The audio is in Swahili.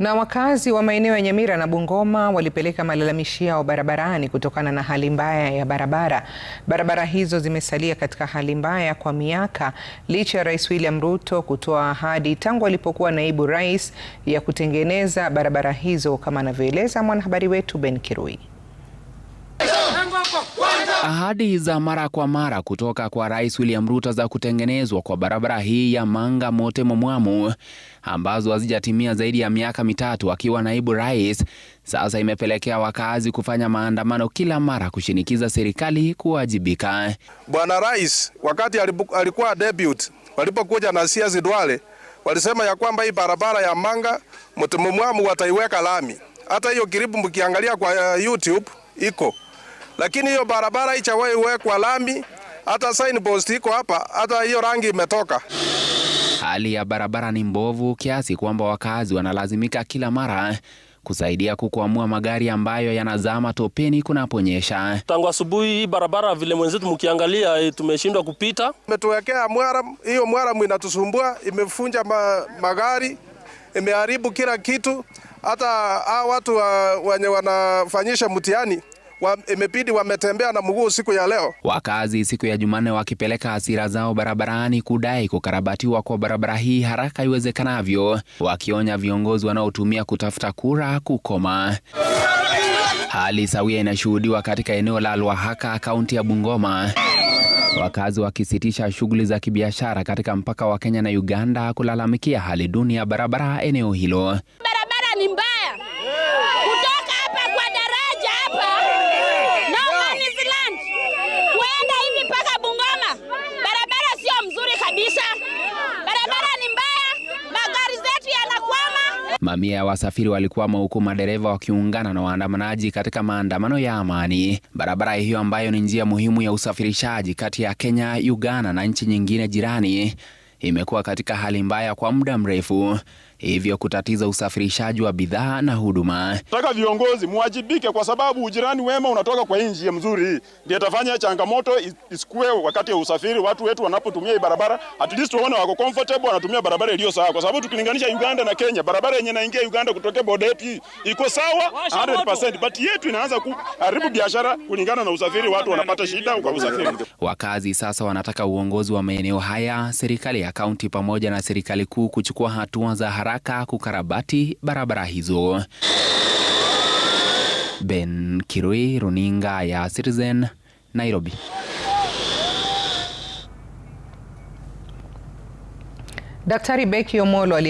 Na wakazi wa maeneo ya Nyamira na Bungoma walipeleka malalamishi yao barabarani kutokana na hali mbaya ya barabara. Barabara hizo zimesalia katika hali mbaya kwa miaka licha ya Rais William Ruto kutoa ahadi tangu alipokuwa naibu rais ya kutengeneza barabara hizo kama anavyoeleza mwanahabari wetu Ben Kirui. Ahadi za mara kwa mara kutoka kwa Rais William Ruto za kutengenezwa kwa barabara hii ya Manga Mote Momwamu ambazo hazijatimia zaidi ya miaka mitatu akiwa naibu rais, sasa imepelekea wakazi kufanya maandamano kila mara kushinikiza serikali kuwajibika. Bwana Rais wakati alikuwa debut, walipokuja na siasa Duale walisema ya kwamba hii barabara ya Manga Mote Momwamu wataiweka lami. Hata hiyo kiribu mkiangalia kwa eh, YouTube iko lakini hiyo barabara ichawai wekwa lami, hata signpost iko hapa, hata hiyo rangi imetoka. Hali ya barabara ni mbovu kiasi kwamba wakazi wanalazimika kila mara kusaidia kukwamua magari ambayo yanazama topeni kunaponyesha. Tangu asubuhi hii barabara vile mwenzetu mkiangalia, eh, tumeshindwa kupita. Umetuwekea mwaram, hiyo mwaram inatusumbua, imefunja ma, magari, imeharibu kila kitu, hata hao watu wenye wa, wanafanyisha mtihani imebidi wametembea na mguu siku ya leo. Wakazi siku ya Jumanne wakipeleka hasira zao barabarani kudai kukarabatiwa kwa barabara hii haraka iwezekanavyo, wakionya viongozi wanaotumia kutafuta kura kukoma. Hali sawia inashuhudiwa katika eneo la Lwahaka, kaunti ya Bungoma, wakazi wakisitisha shughuli za kibiashara katika mpaka wa Kenya na Uganda kulalamikia hali duni ya barabara eneo hilo. Barabara ni mbaya. Mamia ya wasafiri walikwama huku madereva wakiungana na waandamanaji katika maandamano ya amani. Barabara hiyo ambayo ni njia muhimu ya usafirishaji kati ya Kenya, Uganda na nchi nyingine jirani imekuwa katika hali mbaya kwa muda mrefu, hivyo kutatiza usafirishaji wa bidhaa na huduma. Nataka viongozi muwajibike, kwa sababu ujirani wema unatoka kwa nchi mzuri, ndio itafanya changamoto isikue wakati wa usafiri. Watu wetu wanapotumia hii barabara, at least waone wako comfortable wanatumia barabara iliyo sawa, kwa sababu tukilinganisha Uganda na Kenya, barabara yenye naingia Uganda kutokea Bodeti iko sawa 100%, but yetu inaanza kuharibu biashara kulingana na usafiri. Watu wanapata shida kwa usafiri. Wakazi sasa wanataka uongozi wa maeneo haya, serikali ya kaunti pamoja na serikali kuu kuchukua hatua za haraka kukarabati barabara hizo. Ben Kirui, runinga ya Citizen, Nairobi. Daktari Beki Omolo